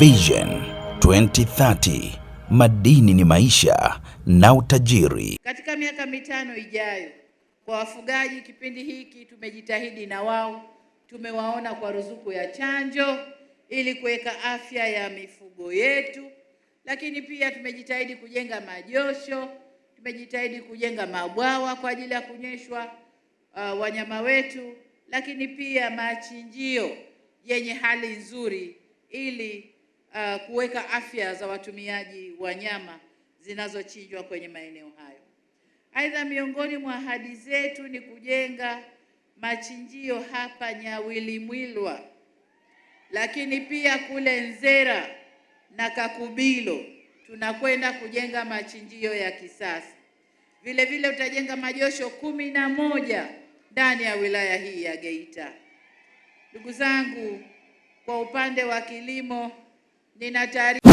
Vision 2030 madini ni maisha na utajiri. Katika miaka mitano ijayo, kwa wafugaji, kipindi hiki tumejitahidi na wao, tumewaona kwa ruzuku ya chanjo ili kuweka afya ya mifugo yetu, lakini pia tumejitahidi kujenga majosho, tumejitahidi kujenga mabwawa kwa ajili ya kunyeshwa uh, wanyama wetu, lakini pia machinjio yenye hali nzuri ili uh, kuweka afya za watumiaji wa nyama zinazochinjwa kwenye maeneo hayo. Aidha, miongoni mwa ahadi zetu ni kujenga machinjio hapa Nyawilimwilwa, lakini pia kule Nzera na Kakubilo tunakwenda kujenga machinjio ya kisasa. Vile vile utajenga majosho kumi na moja ndani ya wilaya hii ya Geita. Ndugu zangu, kwa upande wa kilimo देना चाह रही